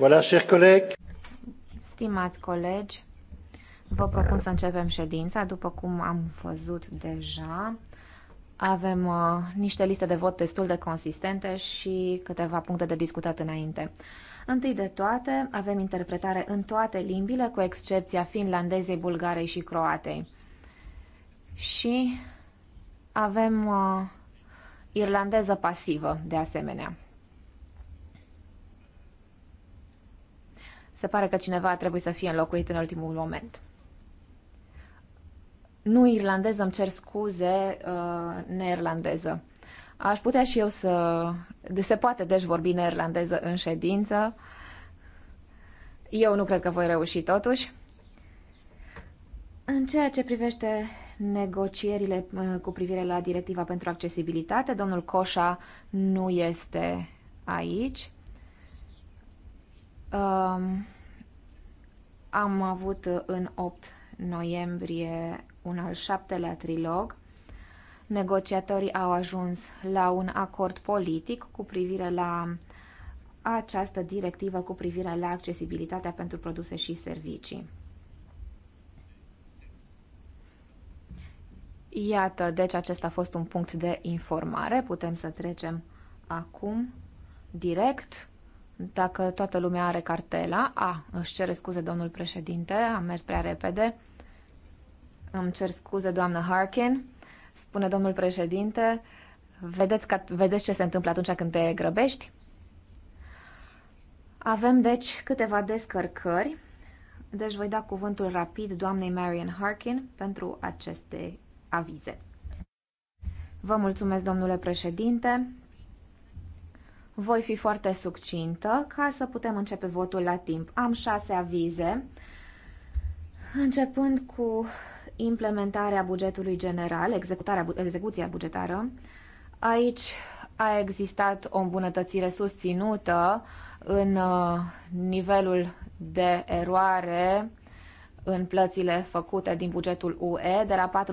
Voilà, chers collègues. Stimați colegi, vă propun să începem ședința, după cum am văzut deja. Avem uh, niște liste de vot destul de consistente și câteva puncte de discutat înainte. Întâi de toate, avem interpretare în toate limbile, cu excepția finlandezei, bulgarei și croatei. Și avem uh, irlandeză pasivă, de asemenea. Se pare că cineva a trebuit să fie înlocuit în ultimul moment. Nu irlandeză, îmi cer scuze, uh, neerlandeză. Aș putea și eu să... De se poate, deci, vorbi neirlandeză în ședință. Eu nu cred că voi reuși totuși. În ceea ce privește negocierile uh, cu privire la directiva pentru accesibilitate, domnul Coșa nu este aici. Um, am avut în 8 noiembrie un al șaptelea trilog. Negociatorii au ajuns la un acord politic cu privire la această directivă cu privire la accesibilitatea pentru produse și servicii. Iată, deci acesta a fost un punct de informare. Putem să trecem acum direct dacă toată lumea are cartela, a, își cere scuze domnul președinte, am mers prea repede. Îmi cer scuze, doamnă Harkin, spune domnul președinte. Vedeți, că, vedeți ce se întâmplă atunci când te grăbești? Avem, deci, câteva descărcări. Deci voi da cuvântul rapid doamnei Marian Harkin pentru aceste avize. Vă mulțumesc, domnule președinte. Voi fi foarte succintă ca să putem începe votul la timp. Am șase avize, începând cu implementarea bugetului general, executarea, execuția bugetară. Aici a existat o îmbunătățire susținută în uh, nivelul de eroare în plățile făcute din bugetul UE de la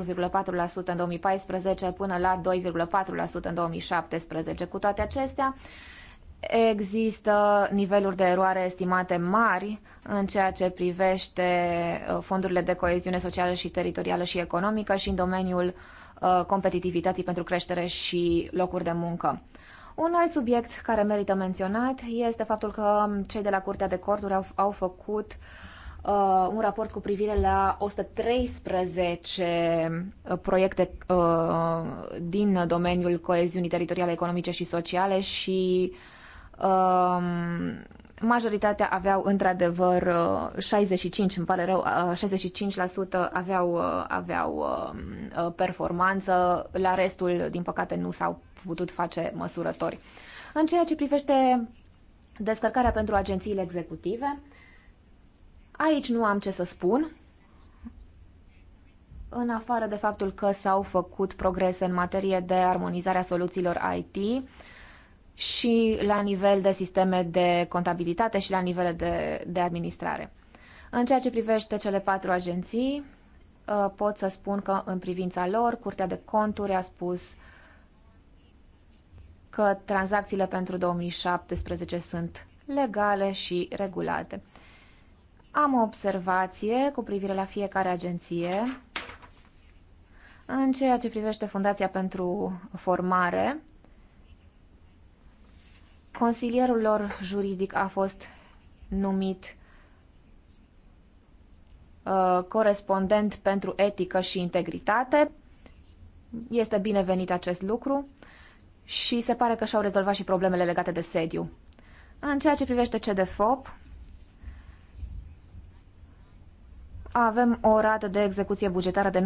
4,4% în 2014 până la 2,4% în 2017. Cu toate acestea, Există niveluri de eroare estimate mari în ceea ce privește uh, fondurile de coeziune socială și teritorială și economică și în domeniul uh, competitivității pentru creștere și locuri de muncă. Un alt subiect care merită menționat este faptul că cei de la Curtea de Corturi au, au făcut uh, un raport cu privire la 113 uh, proiecte uh, din domeniul coeziunii teritoriale, economice și sociale și uh, Um, majoritatea aveau într-adevăr 65, uh, îmi pare rău, 65% uh, aveau, uh, aveau um, performanță, la restul, din păcate, nu s-au putut face măsurători. În ceea ce privește descărcarea pentru agențiile executive, aici nu am ce să spun, în afară de faptul că s-au făcut progrese în materie de armonizarea soluțiilor IT, și la nivel de sisteme de contabilitate și la nivel de, de administrare. În ceea ce privește cele patru agenții, uh, pot să spun că în privința lor, Curtea de Conturi a spus că tranzacțiile pentru 2017 sunt legale și regulate. Am o observație cu privire la fiecare agenție. În ceea ce privește Fundația pentru Formare, Consilierul lor juridic a fost numit uh, corespondent pentru etică și integritate. Este binevenit acest lucru și se pare că și-au rezolvat și problemele legate de sediu. În ceea ce privește CDFOP, avem o rată de execuție bugetară de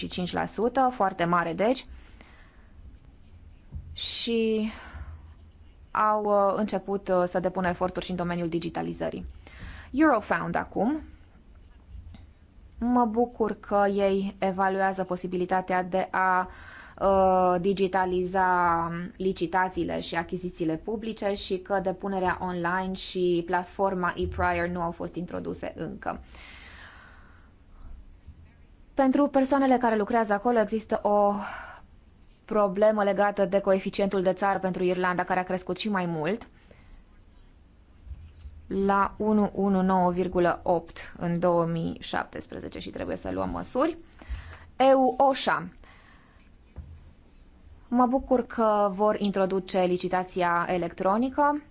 99,95%, foarte mare deci, și au uh, început uh, să depună eforturi și în domeniul digitalizării. Eurofound acum. Mă bucur că ei evaluează posibilitatea de a uh, digitaliza licitațiile și achizițiile publice și că depunerea online și platforma ePrior nu au fost introduse încă. Pentru persoanele care lucrează acolo există o problemă legată de coeficientul de țară pentru Irlanda, care a crescut și mai mult, la 119,8 în 2017 și trebuie să luăm măsuri. EU OSHA. Mă bucur că vor introduce licitația electronică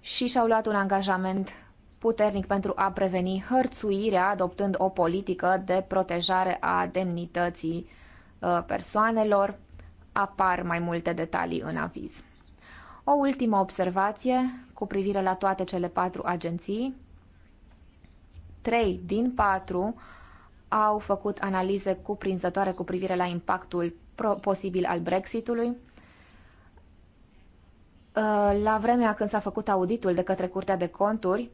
și și-au luat un angajament puternic pentru a preveni hărțuirea, adoptând o politică de protejare a demnității uh, persoanelor apar mai multe detalii în aviz. O ultimă observație cu privire la toate cele patru agenții. Trei din patru au făcut analize cuprinzătoare cu privire la impactul posibil al Brexitului. Uh, la vremea când s-a făcut auditul de către Curtea de Conturi,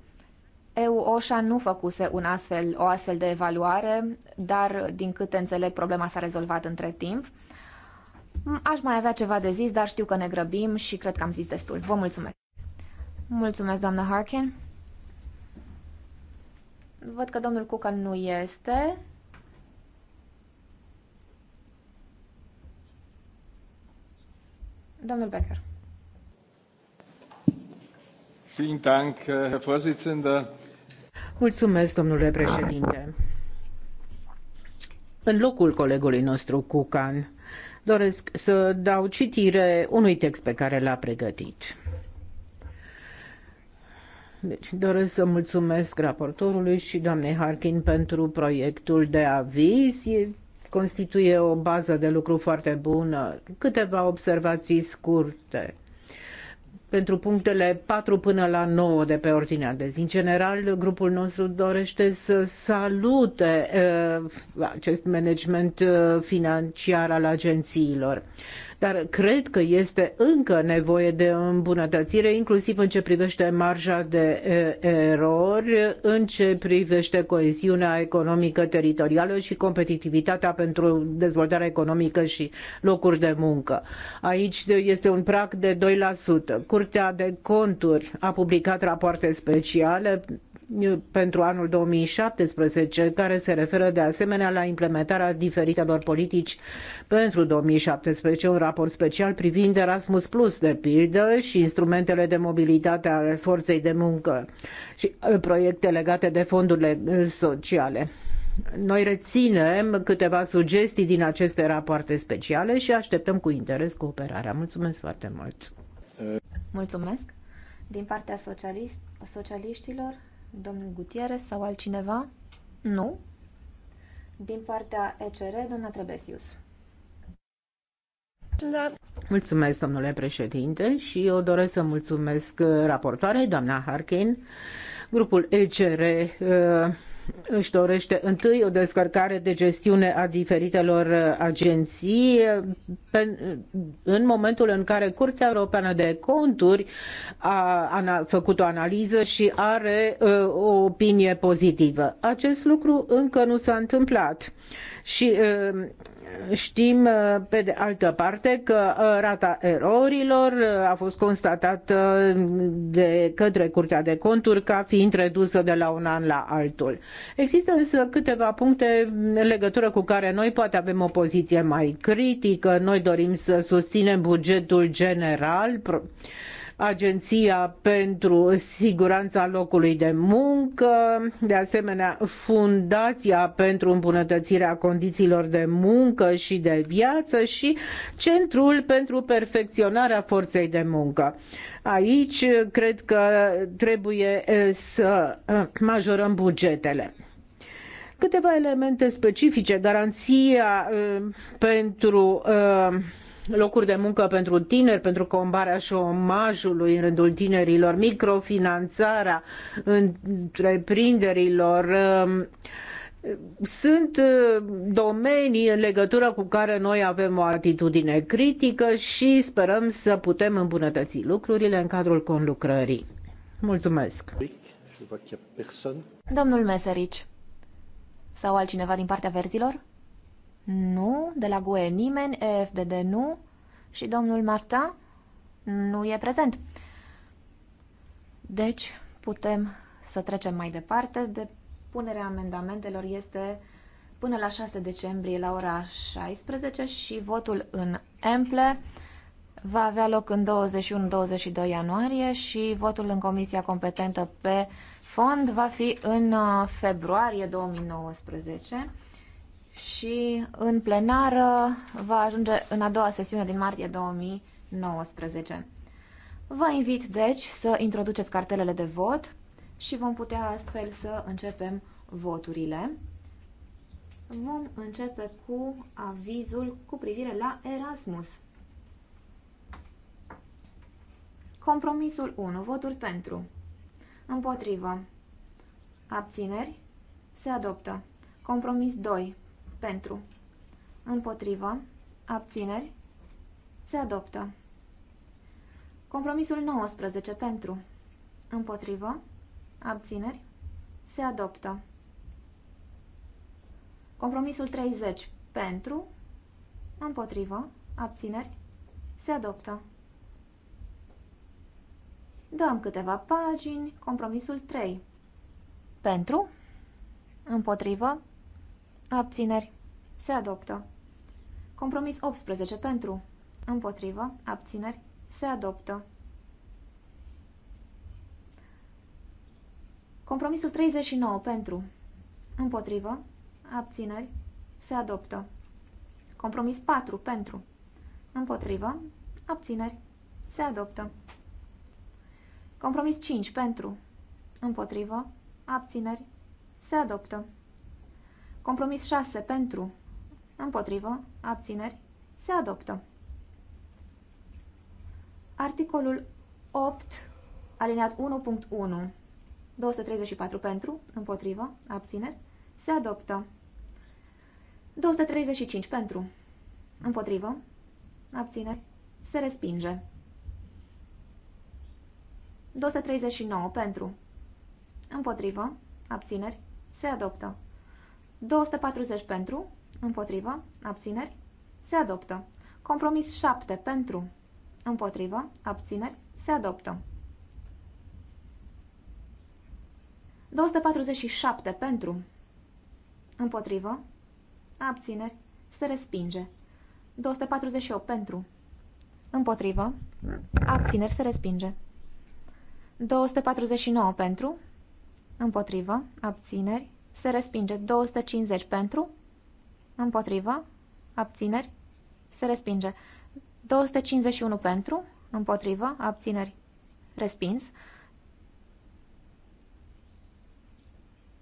EU OSHA nu făcuse un astfel, o astfel de evaluare, dar din câte înțeleg problema s-a rezolvat între timp. Aș mai avea ceva de zis, dar știu că ne grăbim și cred că am zis destul. Vă mulțumesc! Mulțumesc, doamna Harkin. Văd că domnul Cucan nu este. Domnul Becker. Mulțumesc, domnule președinte. În locul colegului nostru Cucan, Doresc să dau citire unui text pe care l-a pregătit. Deci doresc să mulțumesc raportorului și doamnei Harkin pentru proiectul de aviz. Constituie o bază de lucru foarte bună. Câteva observații scurte pentru punctele 4 până la 9 de pe ordinea de zi. În general, grupul nostru dorește să salute uh, acest management uh, financiar al agențiilor dar cred că este încă nevoie de îmbunătățire, inclusiv în ce privește marja de erori, în ce privește coeziunea economică teritorială și competitivitatea pentru dezvoltarea economică și locuri de muncă. Aici este un prag de 2%. Curtea de conturi a publicat rapoarte speciale pentru anul 2017, care se referă de asemenea la implementarea diferitelor politici pentru 2017, un raport special privind Erasmus Plus, de pildă, și instrumentele de mobilitate ale forței de muncă și uh, proiecte legate de fondurile uh, sociale. Noi reținem câteva sugestii din aceste rapoarte speciale și așteptăm cu interes cooperarea. Mulțumesc foarte mult! Mulțumesc! Din partea socialist, socialiștilor, Domnul Gutierrez sau altcineva? Nu. Din partea ECR, doamna Trebesius. Da. Mulțumesc, domnule președinte, și eu doresc să mulțumesc uh, raportoarei, doamna Harkin. Grupul ECR uh, își dorește întâi o descărcare de gestiune a diferitelor uh, agenții în momentul în care Curtea Europeană de Conturi a făcut o analiză și are uh, o opinie pozitivă. Acest lucru încă nu s-a întâmplat și uh, Știm, uh, pe de altă parte, că uh, rata erorilor uh, a fost constatată de către Curtea de Conturi ca fiind redusă de la un an la altul. Există însă câteva puncte în legătură cu care noi poate avem o poziție mai critică. Noi dorim să susținem bugetul general Agenția pentru Siguranța Locului de Muncă, de asemenea Fundația pentru Îmbunătățirea Condițiilor de Muncă și de Viață și Centrul pentru Perfecționarea Forței de Muncă. Aici cred că trebuie să majorăm bugetele câteva elemente specifice, garanția pentru locuri de muncă pentru tineri, pentru combarea șomajului în rândul tinerilor, microfinanțarea întreprinderilor. Um, sunt uh, domenii în legătură cu care noi avem o atitudine critică și sperăm să putem îmbunătăți lucrurile în cadrul conlucrării. Mulțumesc! Domnul Meserici, sau altcineva din partea verzilor? Nu. De la GUE nimeni. EFDD nu. Și domnul Marta nu e prezent. Deci, putem să trecem mai departe. de punerea amendamentelor este până la 6 decembrie la ora 16 și votul în Emple va avea loc în 21-22 ianuarie și votul în comisia competentă pe fond va fi în uh, februarie 2019 și în plenară va ajunge în a doua sesiune din martie 2019. Vă invit, deci, să introduceți cartelele de vot și vom putea astfel să începem voturile. Vom începe cu avizul cu privire la Erasmus. Compromisul 1. Voturi pentru. Împotrivă. Abțineri. Se adoptă. Compromis 2. Pentru. Împotrivă. Abțineri. Se adoptă. Compromisul 19. Pentru. Împotrivă. Abțineri. Se adoptă. Compromisul 30. Pentru. Împotrivă. Abțineri. Se adoptă. Dăm câteva pagini. Compromisul 3. Pentru. Împotrivă. Abțineri. Se adoptă. Compromis 18 pentru. Împotrivă. Abțineri. Se adoptă. Compromisul 39 pentru. Împotrivă. Abțineri. Se adoptă. Compromis 4 pentru. Împotrivă. Abțineri. Se adoptă. Compromis 5 pentru. Împotrivă. Abțineri. Se adoptă. Compromis 6 pentru, împotrivă, abțineri, se adoptă. Articolul 8, alineat 1.1, 234 pentru, împotrivă, abțineri, se adoptă. 235 pentru, împotrivă, abțineri, se respinge. 239 pentru, împotrivă, abțineri, se adoptă. 240 pentru, împotrivă, abțineri, se adoptă. Compromis 7 pentru, împotrivă, abțineri, se adoptă. 247 pentru, împotrivă, abțineri, se respinge. 248 pentru, împotrivă, abțineri, se respinge. 249 pentru, împotrivă, abțineri, se respinge. 250 pentru. Împotrivă. Abțineri. Se respinge. 251 pentru. Împotrivă. Abțineri. Respins.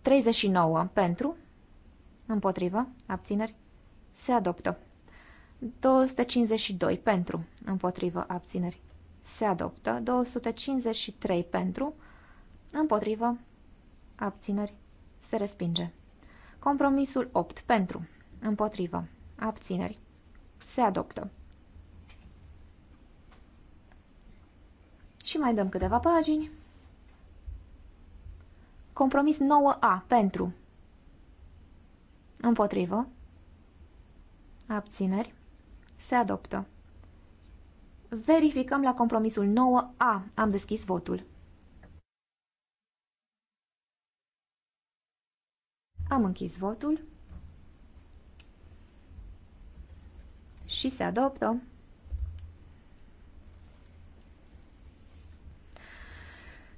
39 pentru. Împotrivă. Abțineri. Se adoptă. 252 pentru. Împotrivă. Abțineri. Se adoptă. 253 pentru. Împotrivă. Abțineri. Se respinge. Compromisul 8. Pentru. Împotrivă. Abțineri. Se adoptă. Și mai dăm câteva pagini. Compromis 9A. Pentru. Împotrivă. Abțineri. Se adoptă. Verificăm la compromisul 9A. Am deschis votul. Am închis votul. Și se adoptă.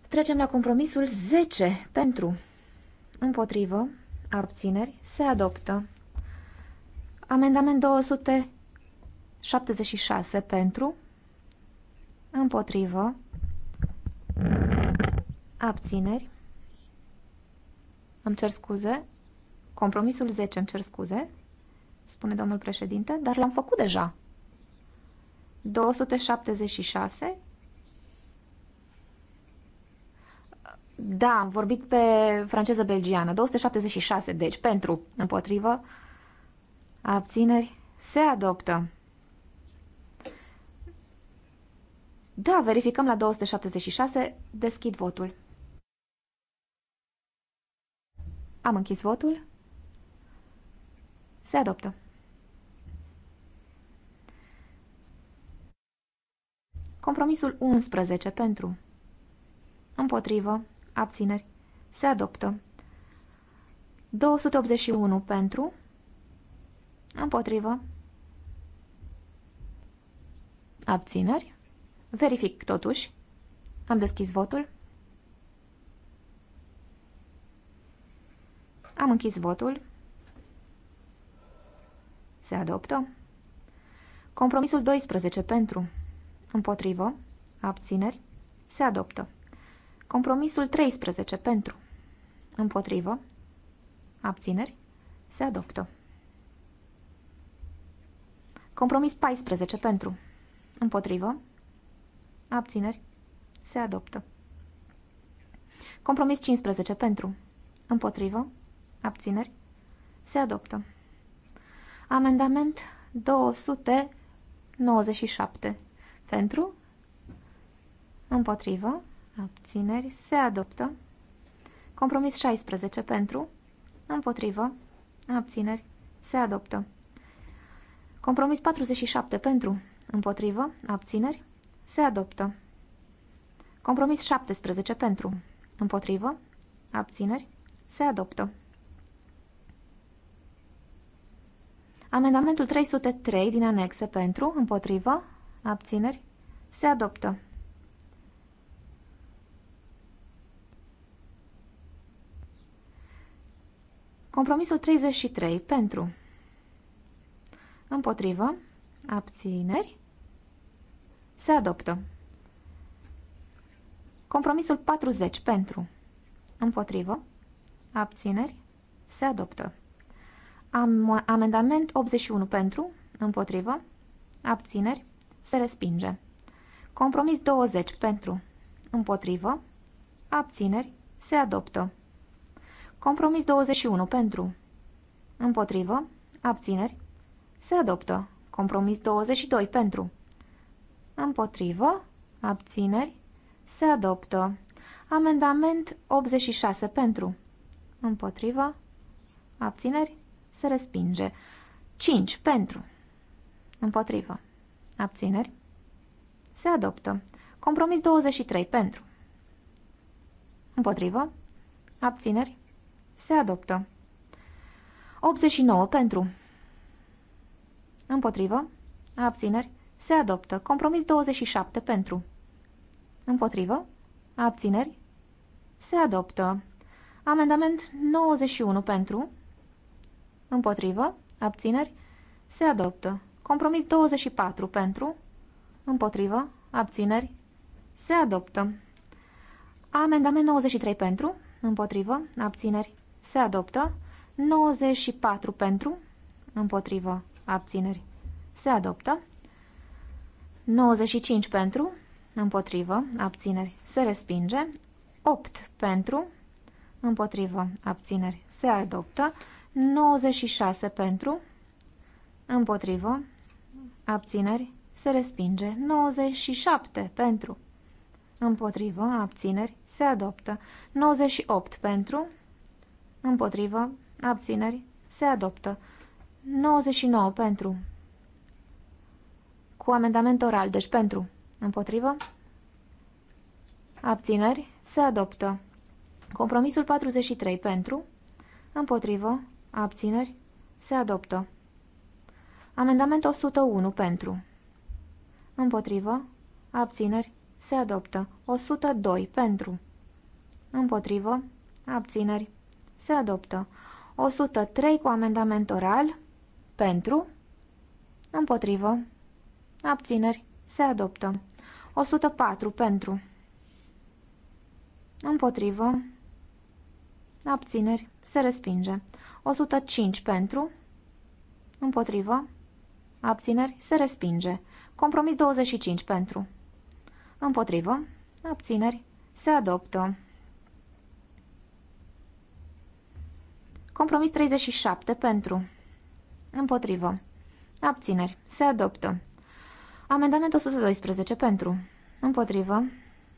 Trecem la compromisul 10 pentru împotrivă, abțineri, se adoptă. Amendament 276 pentru împotrivă, abțineri, îmi cer scuze, Compromisul 10, îmi cer scuze, spune domnul președinte, dar l-am făcut deja. 276. Da, am vorbit pe franceză-belgiană. 276, deci, pentru, împotrivă, abțineri, se adoptă. Da, verificăm la 276, deschid votul. Am închis votul. Se adoptă. Compromisul 11 pentru. Împotrivă. Abțineri. Se adoptă. 281 pentru. Împotrivă. Abțineri. Verific totuși. Am deschis votul. Am închis votul. Se adoptă. Compromisul 12 pentru. Împotrivă. Abțineri. Se adoptă. Compromisul 13 pentru. Împotrivă. Abțineri. Se adoptă. Compromis 14 pentru. Împotrivă. Abțineri. Se adoptă. Compromis 15 pentru. Împotrivă. Abțineri. Se adoptă. Amendament 297. Pentru? Împotrivă? Abțineri? Se adoptă. Compromis 16. Pentru? Împotrivă? Abțineri? Se adoptă. Compromis 47. Pentru? Împotrivă? Abțineri? Se adoptă. Compromis 17. Pentru? Împotrivă? Abțineri? Se adoptă. Amendamentul 303 din anexe pentru, împotrivă, abțineri, se adoptă. Compromisul 33 pentru, împotrivă, abțineri, se adoptă. Compromisul 40 pentru, împotrivă, abțineri, se adoptă. Am, amendament 81 pentru, împotrivă, abțineri, se respinge. Compromis 20 pentru, împotrivă, abțineri, se adoptă. Compromis 21 pentru, împotrivă, abțineri, se adoptă. Compromis 22 pentru, împotrivă, abțineri, se adoptă. Amendament 86 pentru, împotrivă, abțineri, se respinge. 5. Pentru. Împotrivă. Abțineri. Se adoptă. Compromis 23. Pentru. Împotrivă. Abțineri. Se adoptă. 89. Pentru. Împotrivă. Abțineri. Se adoptă. Compromis 27. Pentru. Împotrivă. Abțineri. Se adoptă. Amendament 91 pentru. Împotrivă. Abțineri. Se adoptă. Compromis 24 pentru. Împotrivă. Abțineri. Se adoptă. Amendament 93 pentru. Împotrivă. Abțineri. Se adoptă. 94 pentru. Împotrivă. Abțineri. Se adoptă. 95 pentru. Împotrivă. Abțineri. Se respinge. 8 pentru. Împotrivă. Abțineri. Se adoptă. 96 pentru, împotrivă, abțineri, se respinge. 97 pentru, împotrivă, abțineri, se adoptă. 98 pentru, împotrivă, abțineri, se adoptă. 99 pentru, cu amendament oral, deci pentru, împotrivă, abțineri, se adoptă. Compromisul 43 pentru, împotrivă, Abțineri? Se adoptă. Amendament 101 pentru. Împotrivă. Abțineri. Se adoptă. 102 pentru. Împotrivă. Abțineri. Se adoptă. 103 cu amendament oral. Pentru. Împotrivă. Abțineri. Se adoptă. 104 pentru. Împotrivă. Abțineri. Se respinge. 105 pentru. Împotrivă. Abțineri. Se respinge. Compromis 25 pentru. Împotrivă. Abțineri. Se adoptă. Compromis 37 pentru. Împotrivă. Abțineri. Se adoptă. Amendament 112 pentru. Împotrivă.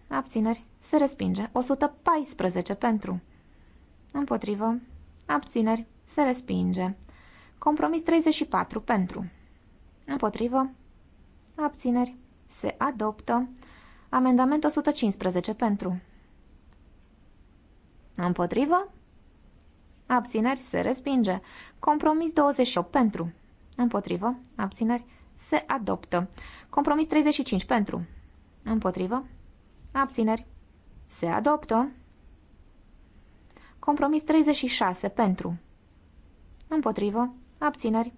Abțineri. Se respinge. 114 pentru împotrivă, abțineri, se respinge. Compromis 34 pentru, împotrivă, abțineri, se adoptă. Amendament 115 pentru, împotrivă, abțineri, se respinge. Compromis 28 pentru, împotrivă, abțineri, se adoptă. Compromis 35 pentru, împotrivă, abțineri, se adoptă. Compromis 36 pentru. Împotrivă. Abțineri.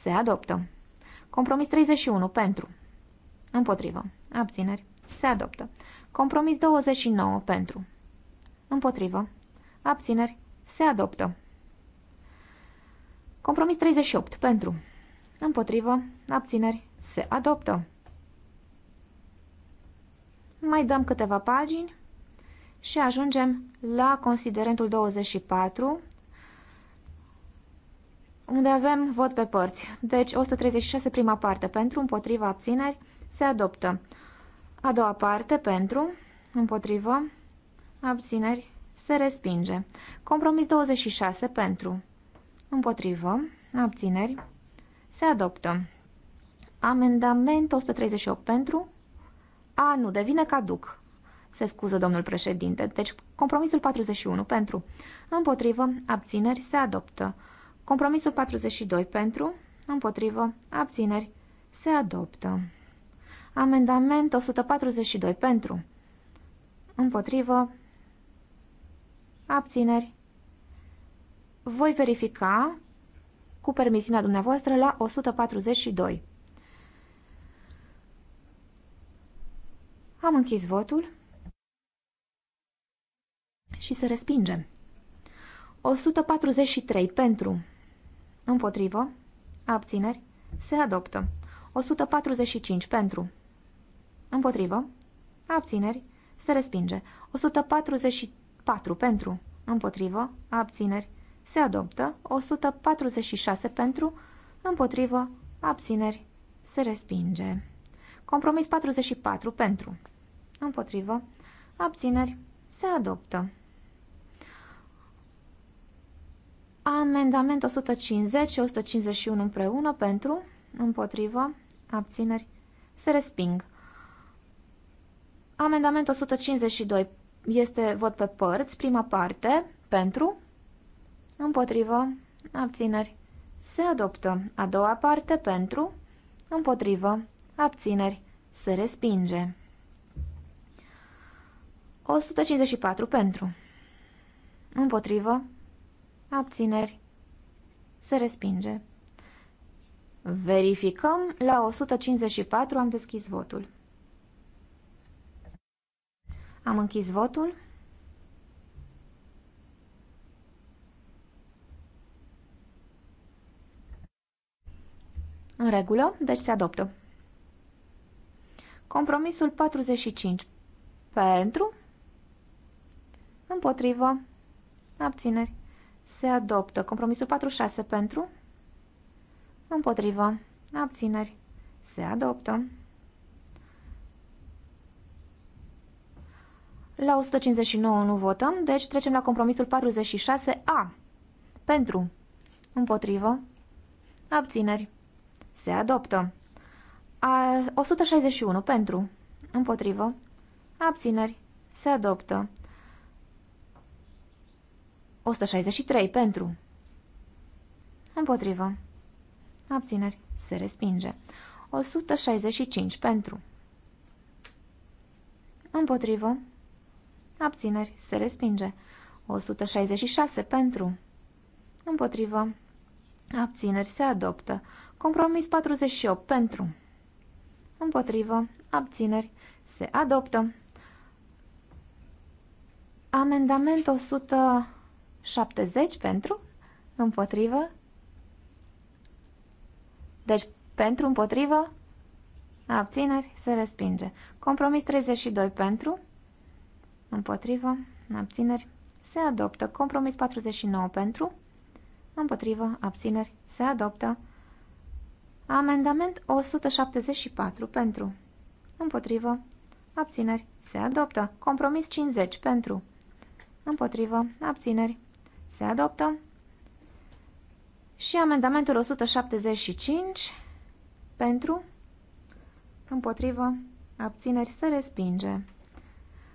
Se adoptă. Compromis 31 pentru. Împotrivă. Abțineri. Se adoptă. Compromis 29 pentru. Împotrivă. Abțineri. Se adoptă. Compromis 38 pentru. Împotrivă. Abțineri. Se adoptă. Mai dăm câteva pagini. Și ajungem la considerentul 24, unde avem vot pe părți. Deci 136 prima parte pentru, împotriva abțineri, se adoptă. A doua parte pentru, împotrivă, abțineri, se respinge. Compromis 26 pentru, împotrivă, abțineri, se adoptă. Amendament 138 pentru, a, nu, devine caduc. Se scuză domnul președinte. Deci, compromisul 41 pentru. Împotrivă, abțineri, se adoptă. Compromisul 42 pentru. Împotrivă, abțineri, se adoptă. Amendament 142 pentru. Împotrivă, abțineri. Voi verifica cu permisiunea dumneavoastră la 142. Am închis votul și se respinge. 143 pentru, împotrivă, abțineri, se adoptă. 145 pentru, împotrivă, abțineri, se respinge. 144 pentru, împotrivă, abțineri, se adoptă. 146 pentru, împotrivă, abțineri, se respinge. Compromis 44 pentru, împotrivă, abțineri, se adoptă. Amendament 150 și 151 împreună pentru, împotrivă, abțineri, se resping. Amendament 152 este vot pe părți, prima parte, pentru, împotrivă, abțineri, se adoptă. A doua parte, pentru, împotrivă, abțineri, se respinge. 154 pentru, împotrivă, abțineri, se respinge. Verificăm, la 154 am deschis votul. Am închis votul. În regulă, deci se adoptă. Compromisul 45. Pentru, împotrivă, abțineri, se adoptă. Compromisul 46 pentru, împotrivă, abțineri, se adoptă. La 159 nu votăm, deci trecem la compromisul 46A. Pentru, împotrivă, abțineri, se adoptă. A, 161 pentru, împotrivă, abțineri, se adoptă. 163 pentru. Împotrivă. Abțineri. Se respinge. 165 pentru. Împotrivă. Abțineri. Se respinge. 166 pentru. Împotrivă. Abțineri. Se adoptă. Compromis 48 pentru. Împotrivă. Abțineri. Se adoptă. Amendament 100. 70 pentru, împotrivă. Deci, pentru, împotrivă, abțineri, se respinge. Compromis 32 pentru, împotrivă, abțineri, se adoptă. Compromis 49 pentru, împotrivă, abțineri, se adoptă. Amendament 174 pentru, împotrivă, abțineri, se adoptă. Compromis 50 pentru, împotrivă, abțineri, se adoptă. Și amendamentul 175 pentru, împotrivă, abțineri se respinge.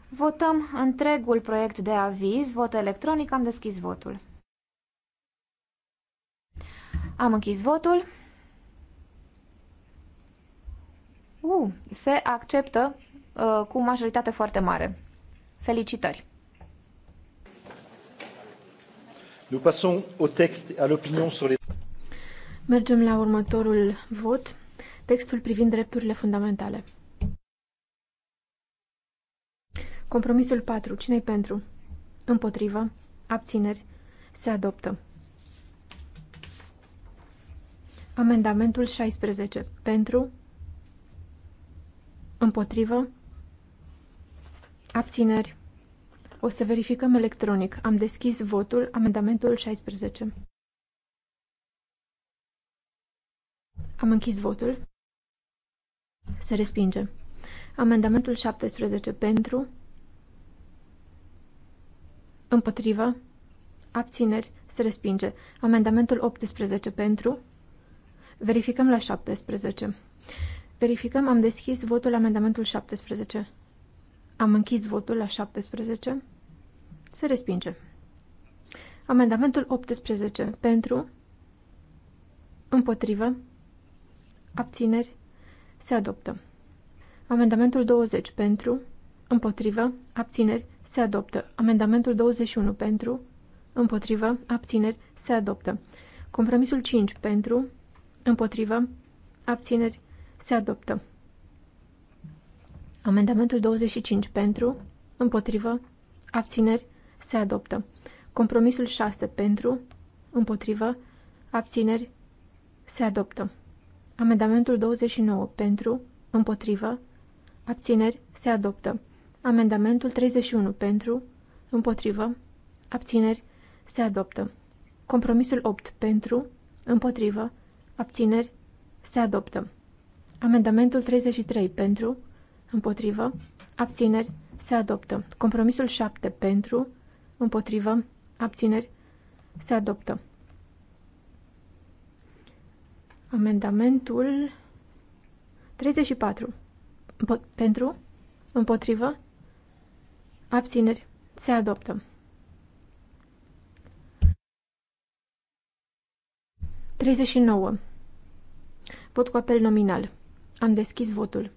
Votăm întregul proiect de aviz, vot electronic, am deschis votul. Am închis votul. Uh, se acceptă uh, cu majoritate foarte mare. Felicitări! Nous passons au texte, à l'opinion sur les... Mergem la următorul vot, textul privind drepturile fundamentale. Compromisul 4. cine pentru? Împotrivă. Abțineri. Se adoptă. Amendamentul 16. Pentru. Împotrivă. Abțineri. O să verificăm electronic. Am deschis votul, amendamentul 16. Am închis votul. Se respinge. Amendamentul 17 pentru. Împotrivă. Abțineri. Se respinge. Amendamentul 18 pentru. Verificăm la 17. Verificăm, am deschis votul amendamentul 17. Am închis votul la 17. Se respinge. Amendamentul 18. Pentru. Împotrivă. Abțineri. Se adoptă. Amendamentul 20. Pentru. Împotrivă. Abțineri. Se adoptă. Amendamentul 21. Pentru. Împotrivă. Abțineri. Se adoptă. Compromisul 5. Pentru. Împotrivă. Abțineri. Se adoptă. Amendamentul 25. Pentru. Împotrivă. Abțineri se adoptă. Compromisul 6 pentru, împotrivă, abțineri, se adoptă. Amendamentul 29 pentru, împotrivă, abțineri, se adoptă. Amendamentul 31 pentru, împotrivă, abțineri, se adoptă. Compromisul 8 pentru, împotrivă, abțineri, se adoptă. Amendamentul 33 pentru, împotrivă, abțineri, se adoptă. Compromisul 7 pentru, împotrivă, abțineri, se adoptă. Amendamentul 34. Pentru, împotrivă, abțineri, se adoptă. 39. Vot cu apel nominal. Am deschis votul.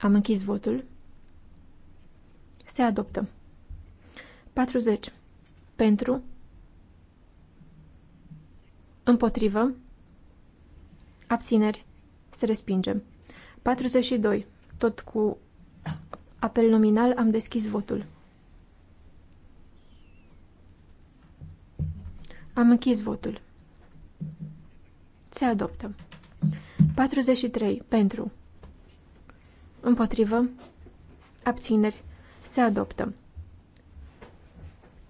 Am închis votul. Se adoptă. 40. Pentru. Împotrivă. Abțineri. Se respinge. 42. Tot cu apel nominal am deschis votul. Am închis votul. Se adoptă. 43. Pentru. Împotrivă. Abțineri. Se adoptă.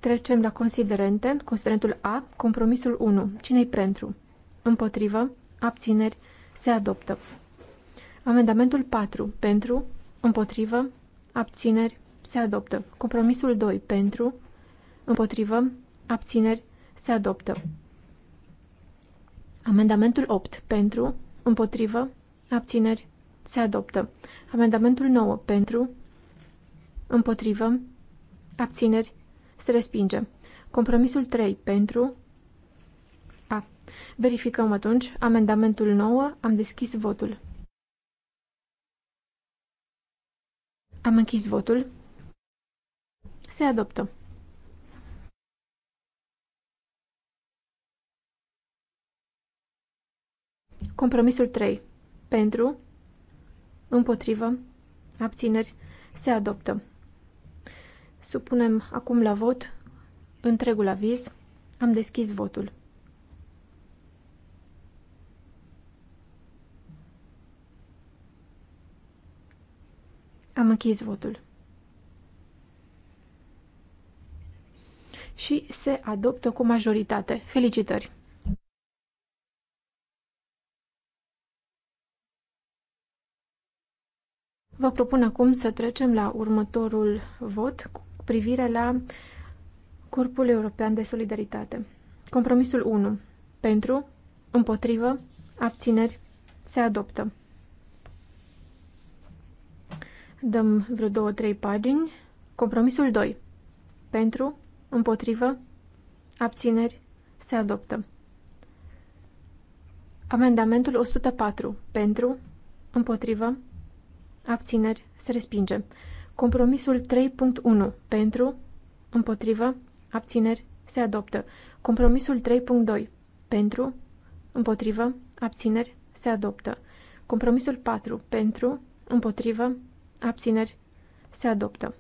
Trecem la considerente. Considerentul A, compromisul 1. Cine-i pentru? Împotrivă. Abțineri. Se adoptă. Amendamentul 4. Pentru. Împotrivă. Abțineri. Se adoptă. Compromisul 2. Pentru. Împotrivă. Abțineri. Se adoptă. Amendamentul 8. Pentru. Împotrivă. Abțineri. Se adoptă. Amendamentul 9 pentru, împotrivă, abțineri, se respinge. Compromisul 3 pentru, a. Verificăm atunci amendamentul 9, am deschis votul. Am închis votul. Se adoptă. Compromisul 3. Pentru, Împotrivă. Abțineri. Se adoptă. Supunem acum la vot întregul aviz. Am deschis votul. Am închis votul. Și se adoptă cu majoritate. Felicitări! Vă propun acum să trecem la următorul vot cu privire la Corpul European de Solidaritate. Compromisul 1. Pentru, împotrivă, abțineri, se adoptă. Dăm vreo două, trei pagini. Compromisul 2. Pentru, împotrivă, abțineri, se adoptă. Amendamentul 104. Pentru, împotrivă, abțineri, se respinge. Compromisul 3.1 pentru, împotrivă, abțineri, se adoptă. Compromisul 3.2 pentru, împotrivă, abțineri, se adoptă. Compromisul 4 pentru, împotrivă, abțineri, se adoptă.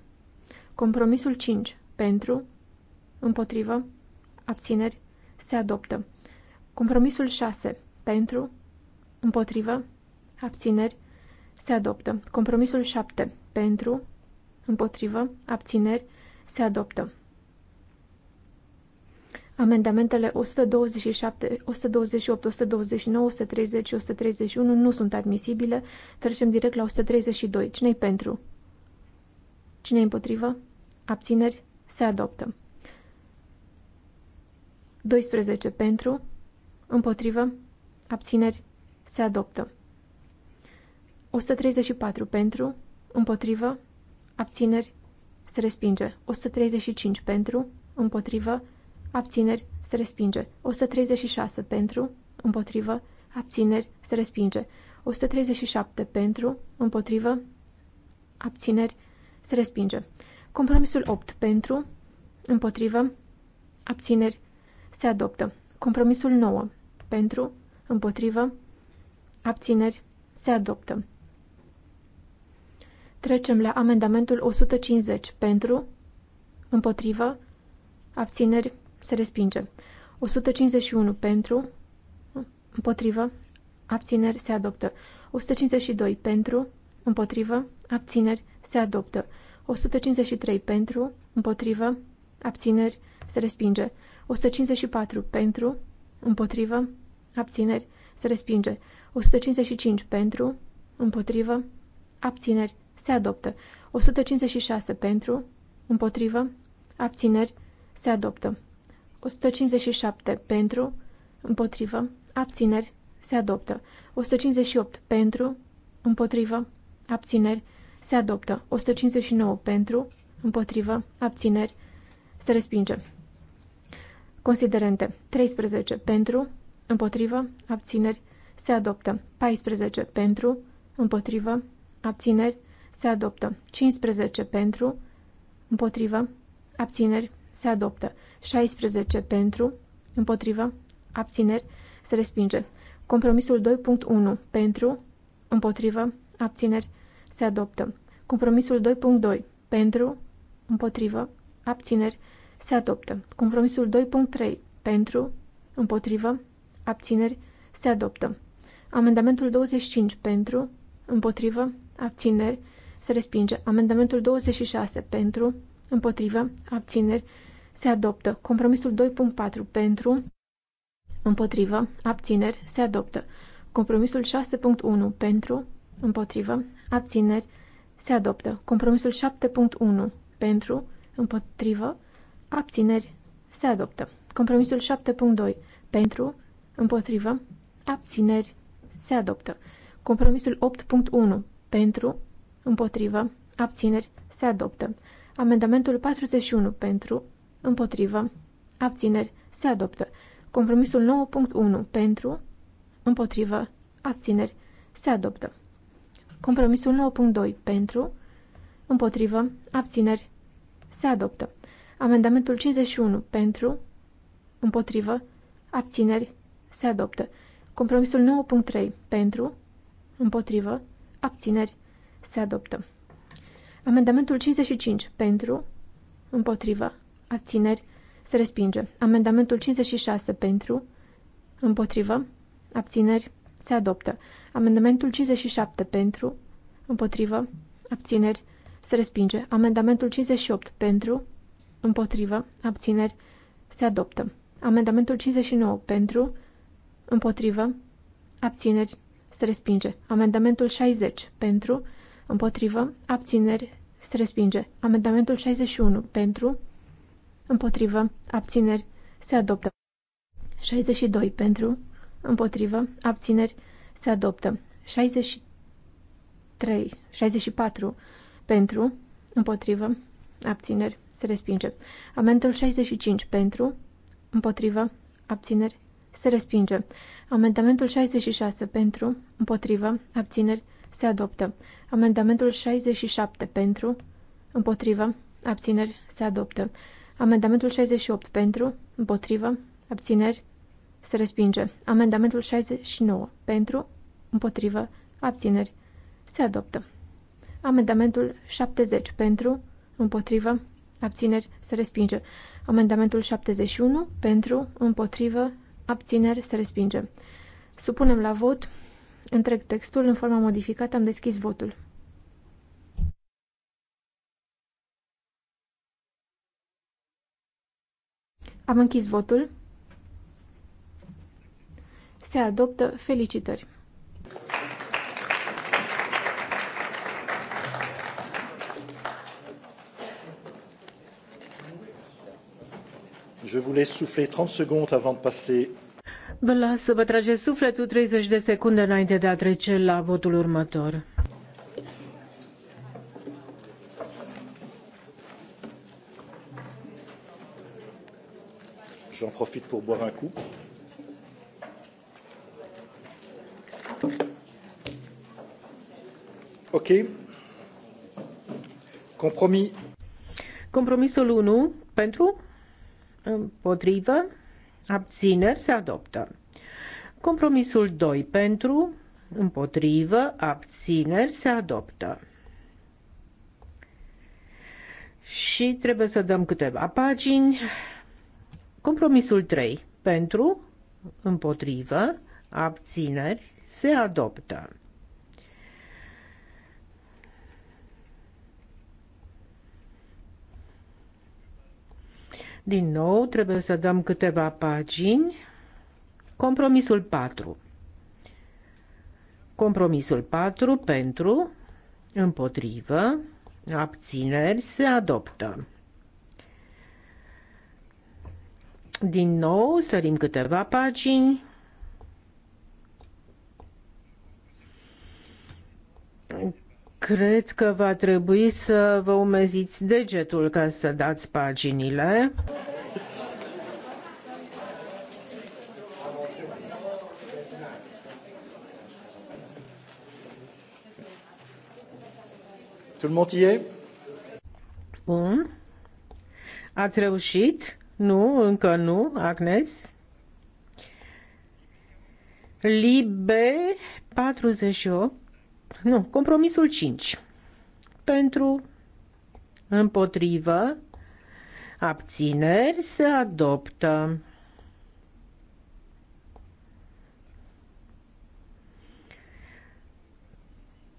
Compromisul 5 pentru, împotrivă, abțineri, se adoptă. Compromisul 6 pentru, împotrivă, abțineri, se se adoptă. Compromisul 7 pentru, împotrivă, abțineri, se adoptă. Amendamentele 127, 128, 129, 130 și 131 nu sunt admisibile. Trecem direct la 132. Cine-i pentru? Cine-i împotrivă? Abțineri? Se adoptă. 12 pentru, împotrivă, abțineri, se adoptă. 134 pentru, împotrivă, abțineri, se respinge. 135 pentru, împotrivă, abțineri, se respinge. 136 pentru, împotrivă, abțineri, se respinge. 137 pentru, împotrivă, abțineri, se respinge. Compromisul 8 pentru, împotrivă, abțineri, se adoptă. Compromisul 9 pentru, împotrivă, abțineri, se adoptă. Trecem la amendamentul 150. Pentru, împotrivă, abțineri, se respinge. 151. Pentru, împotrivă, abțineri, se adoptă. 152. Pentru, împotrivă, abțineri, se adoptă. 153. Pentru, împotrivă, abțineri, se respinge. 154. Pentru, împotrivă, abțineri, se respinge. 155. Pentru, împotrivă, abțineri, se adoptă. 156 pentru, împotrivă, abțineri, se adoptă. 157 pentru, împotrivă, abțineri, se adoptă. 158 pentru, împotrivă, abțineri, se adoptă. 159 pentru, împotrivă, abțineri, se respinge. Considerente 13 pentru, împotrivă, abțineri, se adoptă. 14 pentru, împotrivă, abțineri, se adoptă. 15 pentru, împotrivă, abțineri, se adoptă. 16 pentru, împotrivă, abțineri, se respinge. Compromisul 2.1 pentru, împotrivă, abțineri, se adoptă. Compromisul 2.2 pentru, împotrivă, abțineri, se adoptă. Compromisul 2.3 pentru, împotrivă, abțineri, se adoptă. Amendamentul 25 pentru, împotrivă, abțineri, se respinge. Amendamentul 26 pentru, împotrivă, abțineri, se adoptă. Compromisul 2.4 pentru, împotrivă, abțineri, se adoptă. Compromisul 6.1 pentru, împotrivă, abțineri, se adoptă. Compromisul 7.1 pentru, împotrivă, abțineri, se adoptă. Compromisul 7.2 pentru, împotrivă, abțineri, se adoptă. Compromisul 8.1 pentru, împotrivă, abțineri, se adoptă. Amendamentul 41 pentru, împotrivă, abțineri, se adoptă. Compromisul 9.1 pentru, împotrivă, abțineri, se adoptă. Compromisul 9.2 pentru, împotrivă, abțineri, se adoptă. Amendamentul 51 pentru, împotrivă, abțineri, se adoptă. Compromisul 9.3 pentru, împotrivă, abțineri, se adoptă. Amendamentul 55. Pentru. Împotrivă. Abțineri. Se respinge. Amendamentul 56. Pentru. Împotrivă. Abțineri. Se adoptă. Amendamentul 57. Pentru. Împotrivă. Abțineri. Se respinge. Amendamentul 58. Pentru. Împotrivă. Abțineri. Se adoptă. Amendamentul 59. Pentru. Împotrivă. Abțineri. Se respinge. Amendamentul 60. Pentru. Împotrivă. Abțineri. Se respinge. Amendamentul 61. Pentru. Împotrivă. Abțineri. Se adoptă. 62. Pentru. Împotrivă. Abțineri. Se adoptă. 63. 64. Pentru. Împotrivă. Abțineri. Se respinge. Amendamentul 65. Pentru. Împotrivă. Abțineri. Se respinge. Amendamentul 66. Pentru. Împotrivă. Abțineri. Se adoptă. Amendamentul 67 pentru, împotrivă, abțineri, se adoptă. Amendamentul 68 pentru, împotrivă, abțineri, se respinge. Amendamentul 69 pentru, împotrivă, abțineri, se adoptă. Amendamentul 70 pentru, împotrivă, abțineri, se respinge. Amendamentul 71 pentru, împotrivă, abțineri, se respinge. Supunem la vot Întreg textul în forma modificată am deschis votul. Am închis votul. Se adoptă. Felicitări! Je vous laisse souffler 30 secondes avant de passer Vă las să vă trageți sufletul 30 de secunde înainte de a trece la votul următor. J'en profite pour boire un coup. Ok. Compromis. Compromisul 1 pentru împotrivă abțineri se adoptă. Compromisul 2 pentru, împotrivă, abțineri se adoptă. Și trebuie să dăm câteva pagini. Compromisul 3 pentru, împotrivă, abțineri se adoptă. Din nou, trebuie să dăm câteva pagini. Compromisul 4. Compromisul 4 pentru, împotrivă, abțineri se adoptă. Din nou, sărim câteva pagini. cred că va trebui să vă umeziți degetul ca să dați paginile. Bun. Ați reușit? Nu, încă nu, Agnes. Libe 48 nu, compromisul 5. Pentru, împotrivă, abțineri se adoptă.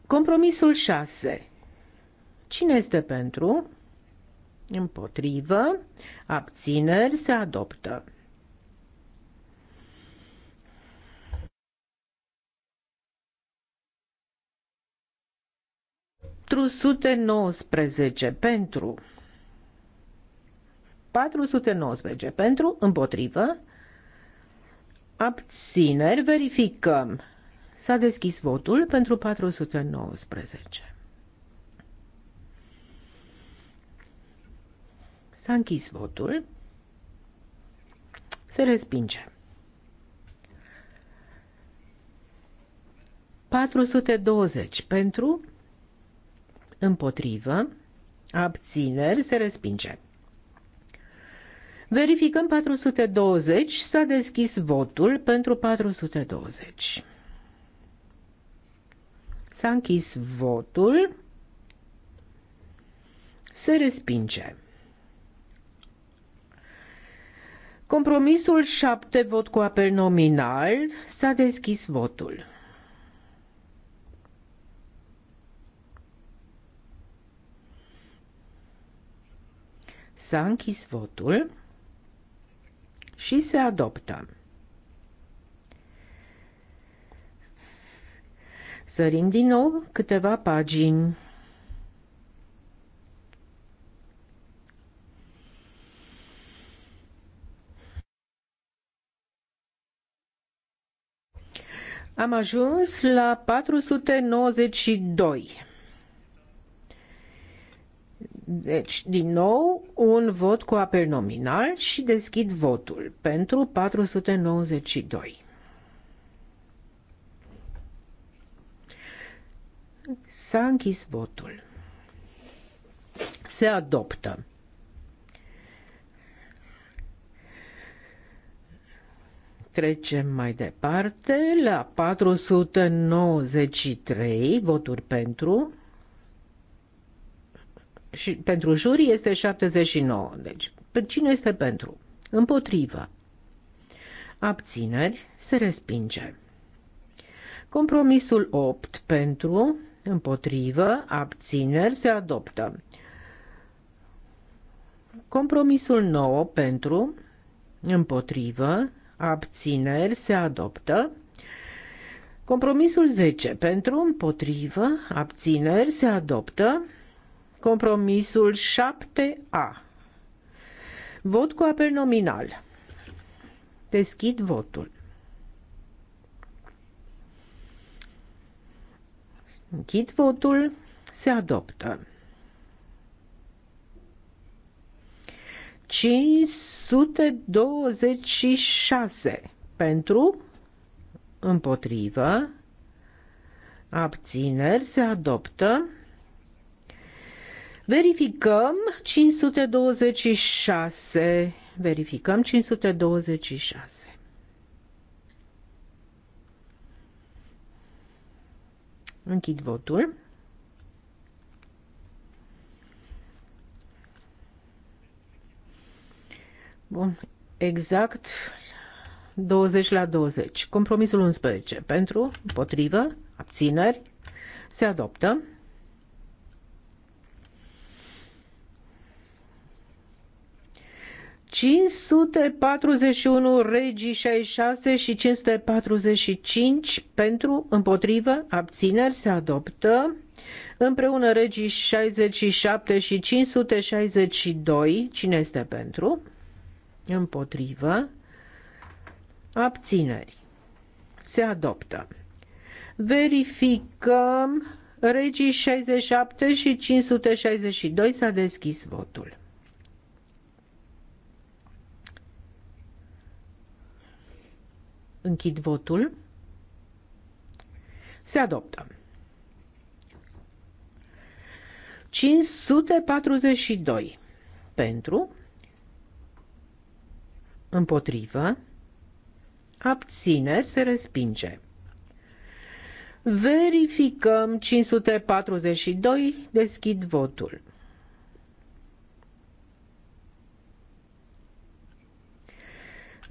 Compromisul 6. Cine este pentru? Împotrivă, abțineri se adoptă. 419 pentru 419 pentru, împotrivă, abțineri, verificăm. S-a deschis votul pentru 419. S-a închis votul. Se respinge. 420 pentru, Împotrivă. Abțineri. Se respinge. Verificăm 420. S-a deschis votul pentru 420. S-a închis votul. Se respinge. Compromisul 7, vot cu apel nominal, s-a deschis votul. S-a închis votul și se adoptă. Sărim din nou câteva pagini. Am ajuns la 492. Deci, din nou, un vot cu apel nominal și deschid votul pentru 492. S-a închis votul. Se adoptă. Trecem mai departe la 493 voturi pentru, și pentru juri este 79. Deci, cine este pentru? Împotrivă. Abțineri se respinge. Compromisul 8 pentru, împotrivă, abțineri se adoptă. Compromisul 9 pentru, împotrivă, abțineri se adoptă. Compromisul 10 pentru, împotrivă, abțineri se adoptă. Compromisul 7A. Vot cu apel nominal. Deschid votul. Închid votul. Se adoptă. 526 pentru, împotrivă, abțineri, se adoptă Verificăm 526. Verificăm 526. Închid votul. Bun, exact 20 la 20. Compromisul 11. Pentru, împotrivă, abțineri, se adoptă. 541 regii 66 și 545 pentru, împotrivă, abțineri se adoptă. Împreună regii 67 și 562, cine este pentru? Împotrivă, abțineri se adoptă. Verificăm regii 67 și 562 s-a deschis votul. Închid votul. Se adoptă. 542 pentru, împotrivă, abțineri se respinge. Verificăm 542, deschid votul.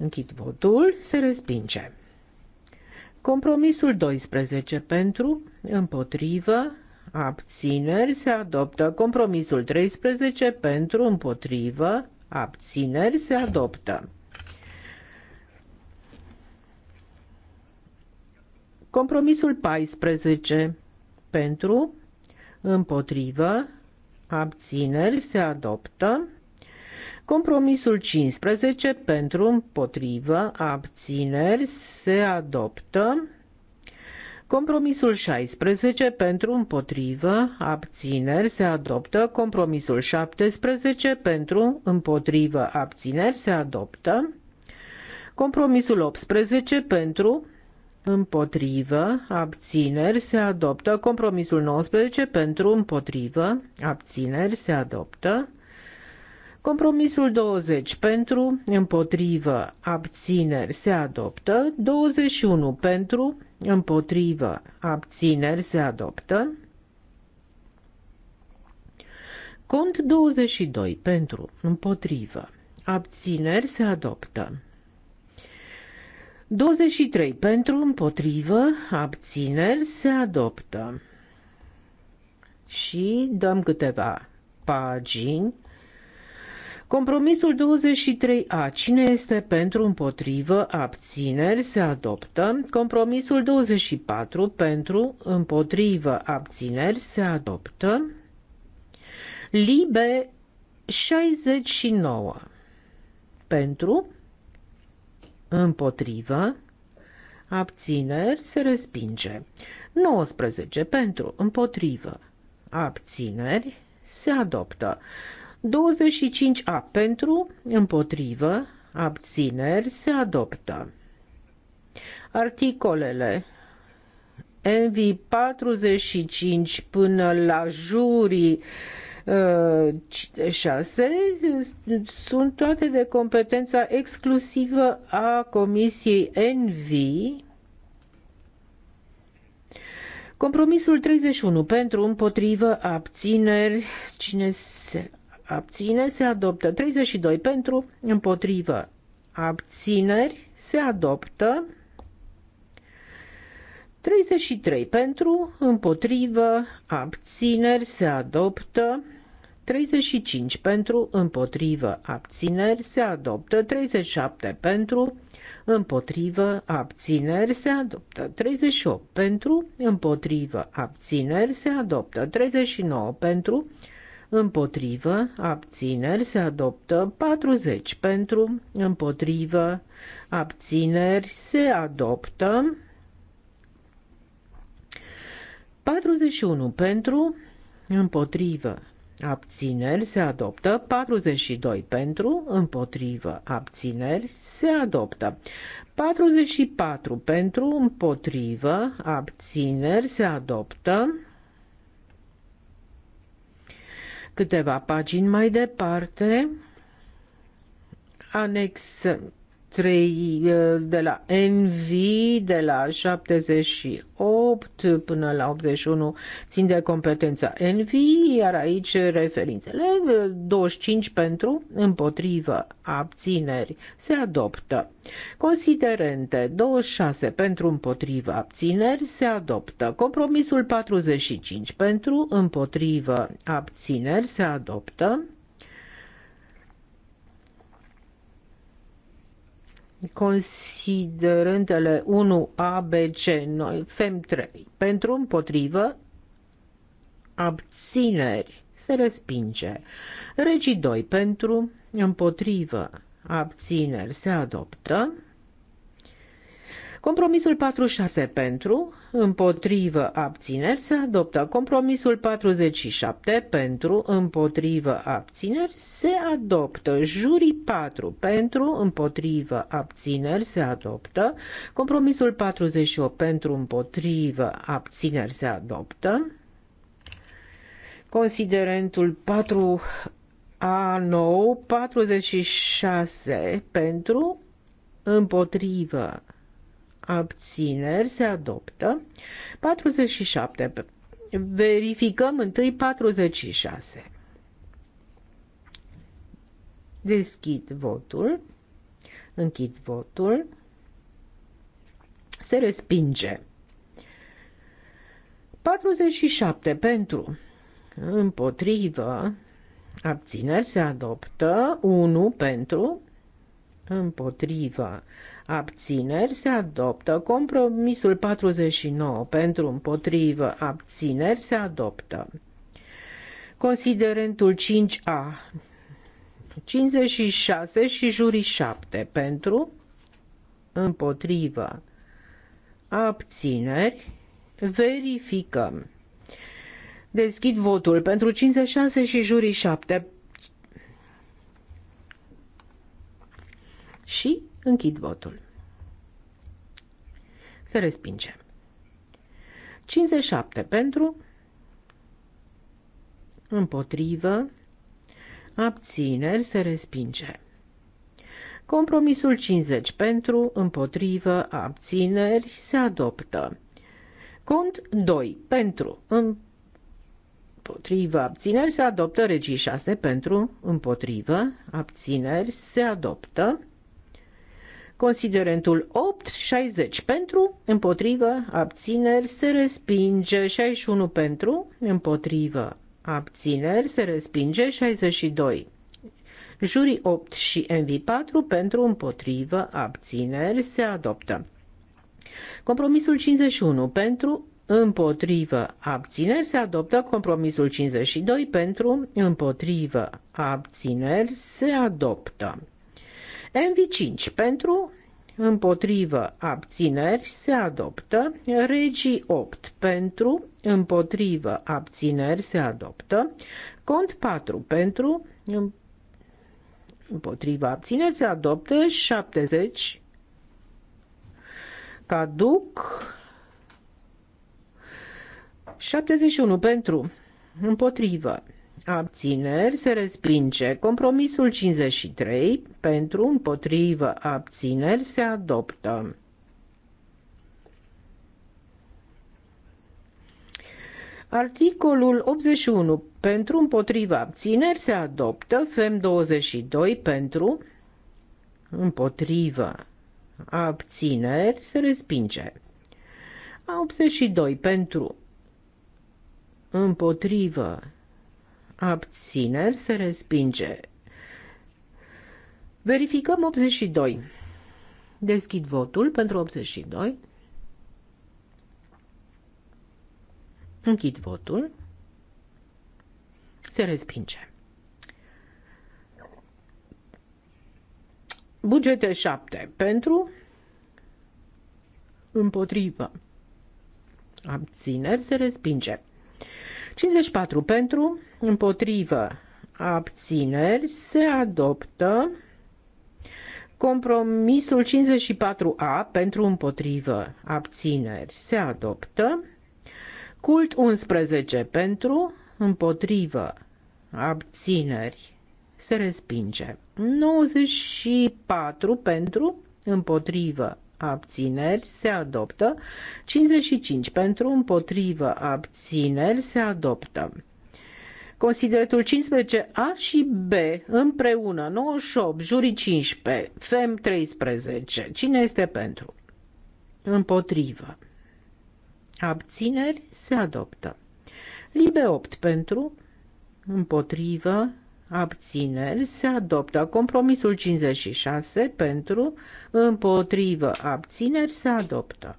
Închid votul, se respinge. Compromisul 12 pentru, împotrivă, abțineri se adoptă. Compromisul 13 pentru, împotrivă, abțineri se adoptă. Compromisul 14 pentru, împotrivă, abțineri se adoptă. Compromisul 15 pentru împotrivă abțineri se adoptă. Compromisul 16 pentru împotrivă, abțineri se adoptă. Compromisul 17 pentru împotrivă, abțineri se adoptă. Compromisul 18 pentru împotrivă, abțineri se adoptă. Compromisul 19 pentru împotrivă, abțineri se adoptă. Compromisul 20 pentru, împotrivă, abțineri se adoptă. 21 pentru, împotrivă, abțineri se adoptă. Cont 22 pentru, împotrivă, abțineri se adoptă. 23 pentru, împotrivă, abțineri se adoptă. Și dăm câteva pagini Compromisul 23A. Cine este pentru, împotrivă, abțineri, se adoptă. Compromisul 24. Pentru, împotrivă, abțineri, se adoptă. Libe 69. Pentru, împotrivă, abțineri, se respinge. 19. Pentru, împotrivă, abțineri, se adoptă. 25A pentru, împotrivă, abțineri se adoptă. Articolele MV 45 până la jurii 6 uh, sunt toate de competența exclusivă a Comisiei NV. Compromisul 31 pentru împotrivă abțineri cine se abține, se adoptă. 32 pentru, împotrivă, abțineri, se adoptă. 33 pentru, împotrivă, abțineri, se adoptă. 35 pentru, împotrivă, abțineri, se adoptă. 37 pentru, împotrivă, abțineri, se adoptă. 38 pentru, împotrivă, abțineri, se adoptă. 39 pentru, împotrivă, abțineri se adoptă 40 pentru, împotrivă, abțineri se adoptă 41 pentru, împotrivă, abțineri se adoptă 42 pentru, împotrivă, abțineri se adoptă 44 pentru, împotrivă, abțineri se adoptă Câteva pagini mai departe, anex 3 uh, de la NV de la 78 până la 81 țin de competența NV, iar aici referințele 25 uh, pentru, împotrivă, abțineri, se adoptă. Considerente 26 pentru, împotrivă, abțineri, se adoptă. Compromisul 45 pentru, împotrivă, abțineri, se adoptă. considerentele 1 A, B, C, noi FEM 3, pentru împotrivă, abțineri, se respinge. Regii 2 pentru împotrivă, abțineri, se adoptă. Compromisul 46 pentru, împotrivă, abțineri se adoptă. Compromisul 47 pentru, împotrivă, abțineri se adoptă. Jurii 4 pentru, împotrivă, abțineri se adoptă. Compromisul 48 pentru, împotrivă, abțineri se adoptă. Considerentul 4 A9 46 pentru împotrivă abțineri se adoptă. 47. Verificăm întâi 46. Deschid votul. Închid votul. Se respinge. 47 pentru. Împotrivă. Abțineri se adoptă. 1 pentru. Împotrivă abțineri se adoptă. Compromisul 49 pentru împotrivă abțineri se adoptă. Considerentul 5A 56 și jurii 7 pentru împotrivă abțineri verificăm. Deschid votul pentru 56 și jurii 7 și Închid votul. Se respinge. 57 pentru, împotrivă, abțineri, se respinge. Compromisul 50 pentru, împotrivă, abțineri, se adoptă. Cont 2 pentru, împotrivă, abțineri, se adoptă. Regii 6 pentru, împotrivă, abțineri, se adoptă. Considerentul 8, 60 pentru, împotrivă, abțineri, se respinge, 61 pentru, împotrivă, abțineri, se respinge, 62. Jurii 8 și MV4 pentru, împotrivă, abțineri, se adoptă. Compromisul 51 pentru, împotrivă, abțineri, se adoptă. Compromisul 52 pentru, împotrivă, abțineri, se adoptă. MV5 pentru, împotrivă, abțineri, se adoptă. Regii 8 pentru, împotrivă, abțineri, se adoptă. Cont 4 pentru, împotrivă, abțineri, se adoptă. 70 caduc. 71 pentru, împotrivă, abțineri se respinge. Compromisul 53 pentru împotrivă abțineri se adoptă. Articolul 81 pentru împotriva abțineri se adoptă, FEM 22 pentru împotriva abțineri se respinge. A 82 pentru împotrivă abțineri, se respinge. Verificăm 82. Deschid votul pentru 82. Închid votul. Se respinge. Bugete 7. Pentru. Împotrivă. Abțineri se respinge. 54 pentru împotrivă, abțineri, se adoptă. Compromisul 54A pentru împotrivă, abțineri, se adoptă. Cult 11 pentru împotrivă, abțineri, se respinge. 94 pentru împotrivă, abțineri se adoptă, 55 pentru împotrivă abțineri se adoptă. Consideratul 15A și B împreună, 98, jurii 15, FEM 13. Cine este pentru? Împotrivă. Abțineri se adoptă. Libe 8 pentru, împotrivă, abțineri se adoptă. Compromisul 56 pentru, împotrivă, abțineri se adoptă.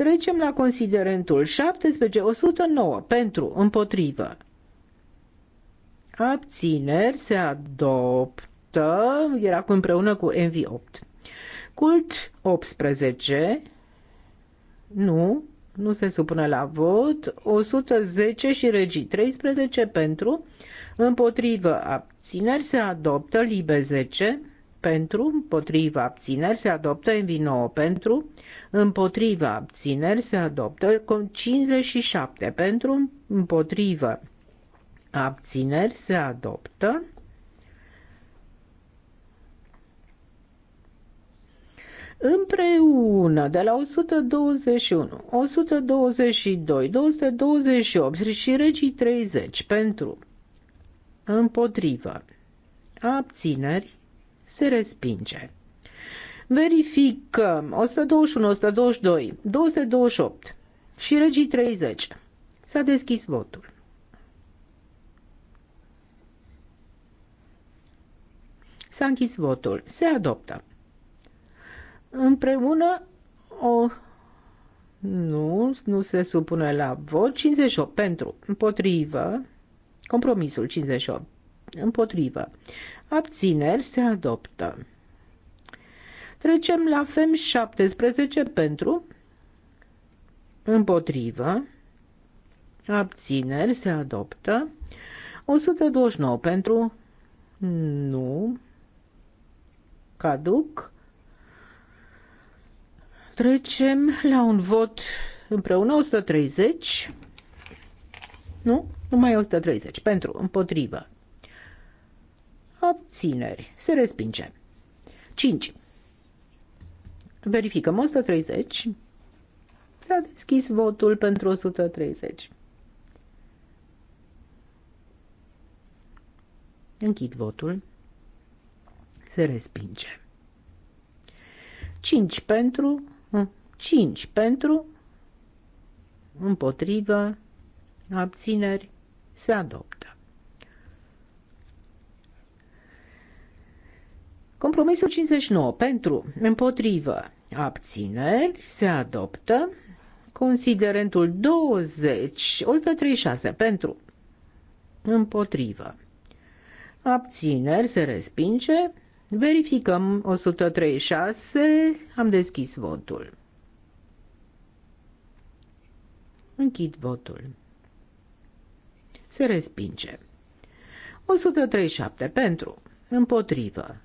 Trecem la considerentul 17, pentru, împotrivă. Abțineri se adoptă, era cu împreună cu MV8. Cult 18, nu, nu se supune la vot, 110 și regii 13 pentru, împotrivă abțineri se adoptă, libe 10 pentru, împotriva abțineri se adoptă, în vino pentru, împotriva abțineri se adoptă, 57 pentru, împotriva abțineri se adoptă, împreună de la 121, 122, 228 și regii 30 pentru împotriva abțineri se respinge. Verificăm 121, 122, 228 și regii 30. S-a deschis votul. S-a închis votul. Se adoptă. Împreună o... Nu, nu se supune la vot. 58 pentru, împotrivă. Compromisul 58 Împotrivă. Abțineri se adoptă. Trecem la FEM 17 pentru. Împotrivă. Abțineri se adoptă. 129 pentru. Nu. Caduc. Trecem la un vot împreună 130. Nu? Numai 130. Pentru, împotrivă. Abțineri. Se respinge. 5. Verificăm 130. S-a deschis votul pentru 130. Închid votul. Se respinge. 5 pentru, 5 pentru, împotrivă, abțineri, se adoptă. Compromisul 59 pentru, împotrivă, abțineri se adoptă. Considerentul 20, 136 pentru, împotrivă, abțineri se respinge. Verificăm 136, am deschis votul. Închid votul. Se respinge. 137 pentru, împotrivă,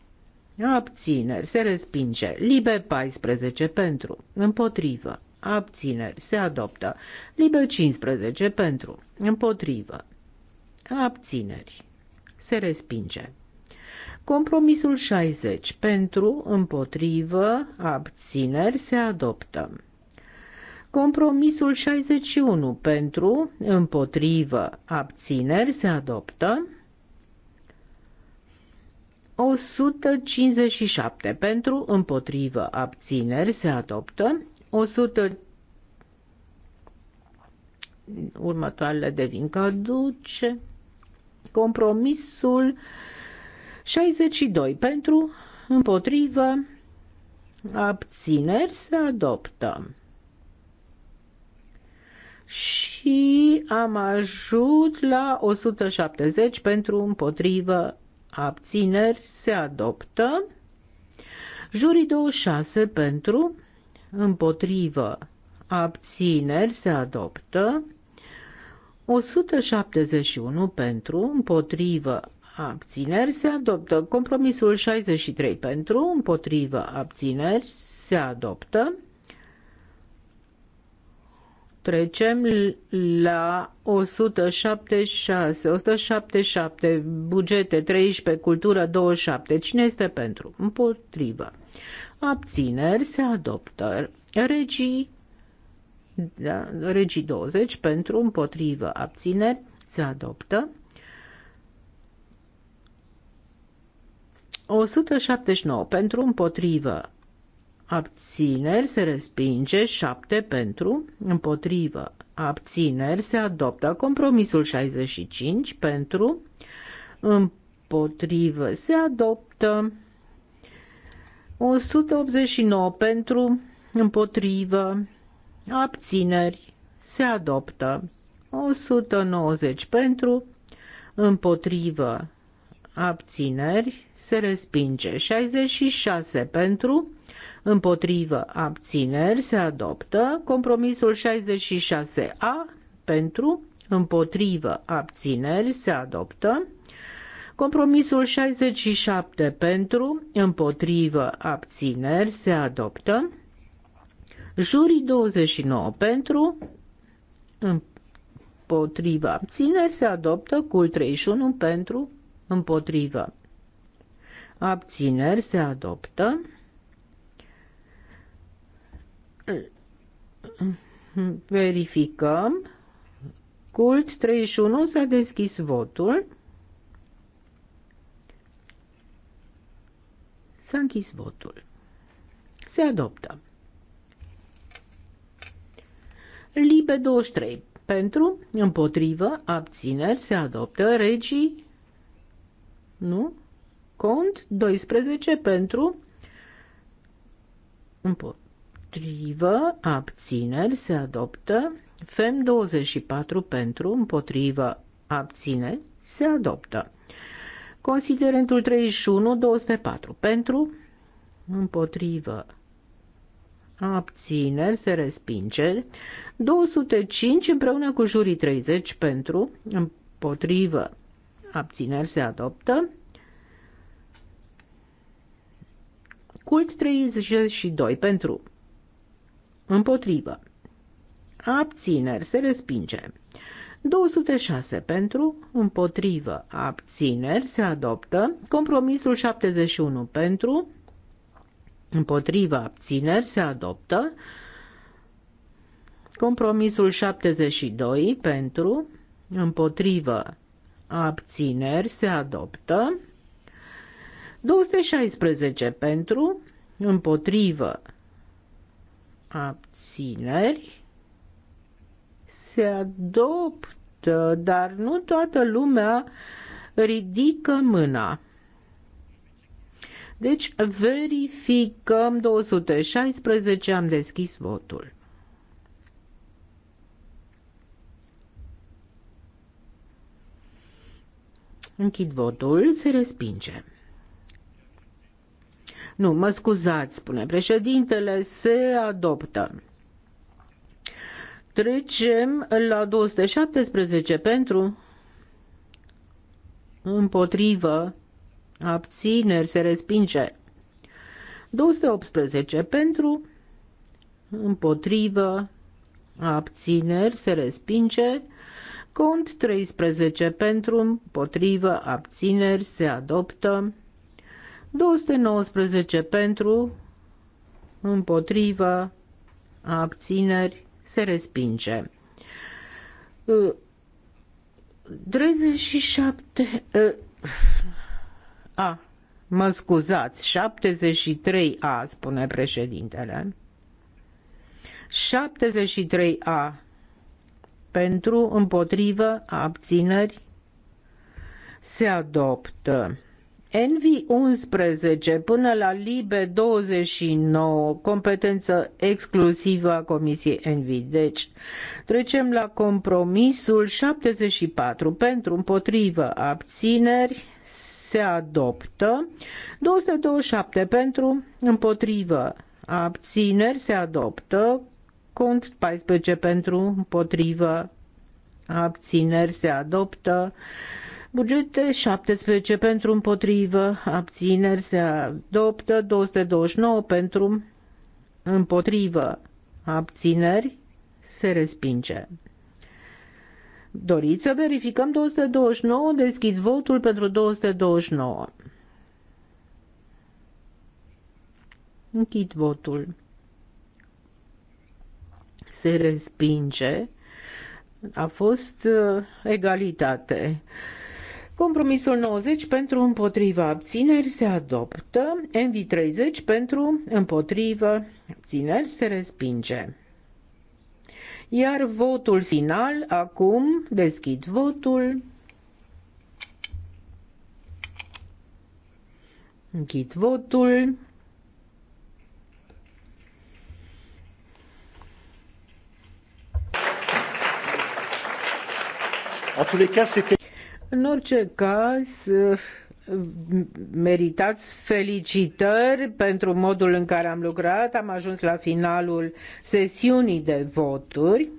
Abțineri. Se respinge. Libe 14 pentru. Împotrivă. Abțineri. Se adoptă. Libe 15 pentru. Împotrivă. Abțineri. Se respinge. Compromisul 60 pentru, împotrivă, abțineri se adoptă. Compromisul 61 pentru, împotrivă, abțineri se adoptă. 157 pentru, împotrivă, abțineri se adoptă. 100 următoarele devin caduce. Compromisul 62 pentru, împotrivă, abțineri se adoptă. Și am ajut la 170 pentru împotrivă abțineri se adoptă. Jurii 26 pentru, împotrivă, abțineri se adoptă. 171 pentru, împotrivă, abțineri se adoptă. Compromisul 63 pentru, împotrivă, abțineri se adoptă. Trecem la 176, 177, bugete 13, cultură 27. Cine este pentru? Împotrivă. Abțineri se adoptă. Regii, da, regii 20 pentru împotrivă. Abțineri se adoptă. 179 pentru împotrivă abțineri se respinge, 7 pentru, împotrivă, abțineri se adoptă, compromisul 65 pentru, împotrivă se adoptă, 189 pentru, împotrivă, abțineri se adoptă, 190 pentru, împotrivă, abțineri se respinge, 66 pentru, împotrivă, abțineri, se adoptă. Compromisul 66A, pentru, împotrivă, abțineri, se adoptă. Compromisul 67 pentru, împotrivă, abțineri se adoptă. Jurii 29 pentru, împotrivă, abțineri se adoptă. Cul 31 pentru, împotrivă, abțineri se adoptă. Verificăm. Cult 31 s-a deschis votul. S-a închis votul. Se adoptă. Libe 23. Pentru, împotrivă, abțineri, se adoptă regii, nu? Cont 12 pentru, împotrivă împotrivă, abțineri, se adoptă. FEM 24 pentru, împotrivă, abțineri, se adoptă. Considerentul 31, 204 pentru, împotrivă, abțineri, se respinge. 205 împreună cu jurii 30 pentru, împotrivă, abțineri, se adoptă. Cult 32 pentru Împotrivă. Abțineri. Se respinge. 206 pentru, împotrivă, abțineri, se adoptă. Compromisul 71 pentru, împotrivă, abțineri, se adoptă. Compromisul 72 pentru, împotrivă, abțineri, se adoptă. 216 pentru, împotrivă, abțineri, se adoptă, dar nu toată lumea ridică mâna. Deci verificăm 216, am deschis votul. Închid votul, se respinge. Nu, mă scuzați, spune președintele, se adoptă. Trecem la 217 pentru împotrivă abțineri se respinge. 218 pentru împotrivă abțineri se respinge. Cont 13 pentru împotrivă abțineri se adoptă. 219 pentru, împotrivă, abțineri, se respinge. 37 ă, ă, a, mă scuzați, 73a, spune președintele. 73a pentru, împotrivă, abțineri, se adoptă. Envi 11 până la Libe 29, competență exclusivă a Comisiei Envi. Deci, trecem la compromisul 74 pentru împotrivă abțineri se adoptă, 227 pentru împotrivă abțineri se adoptă, cont 14 pentru împotrivă abțineri se adoptă, Bugete 17 pentru împotrivă, abțineri se adoptă, 229 pentru împotrivă, abțineri se respinge. Doriți să verificăm 229? Deschid votul pentru 229. Închid votul. Se respinge. A fost uh, egalitate. Compromisul 90 pentru împotriva abțineri se adoptă. MV30 pentru împotriva abțineri se respinge. Iar votul final, acum deschid votul. Închid votul. En tous les cas, c'était în orice caz, eh, meritați felicitări pentru modul în care am lucrat. Am ajuns la finalul sesiunii de voturi.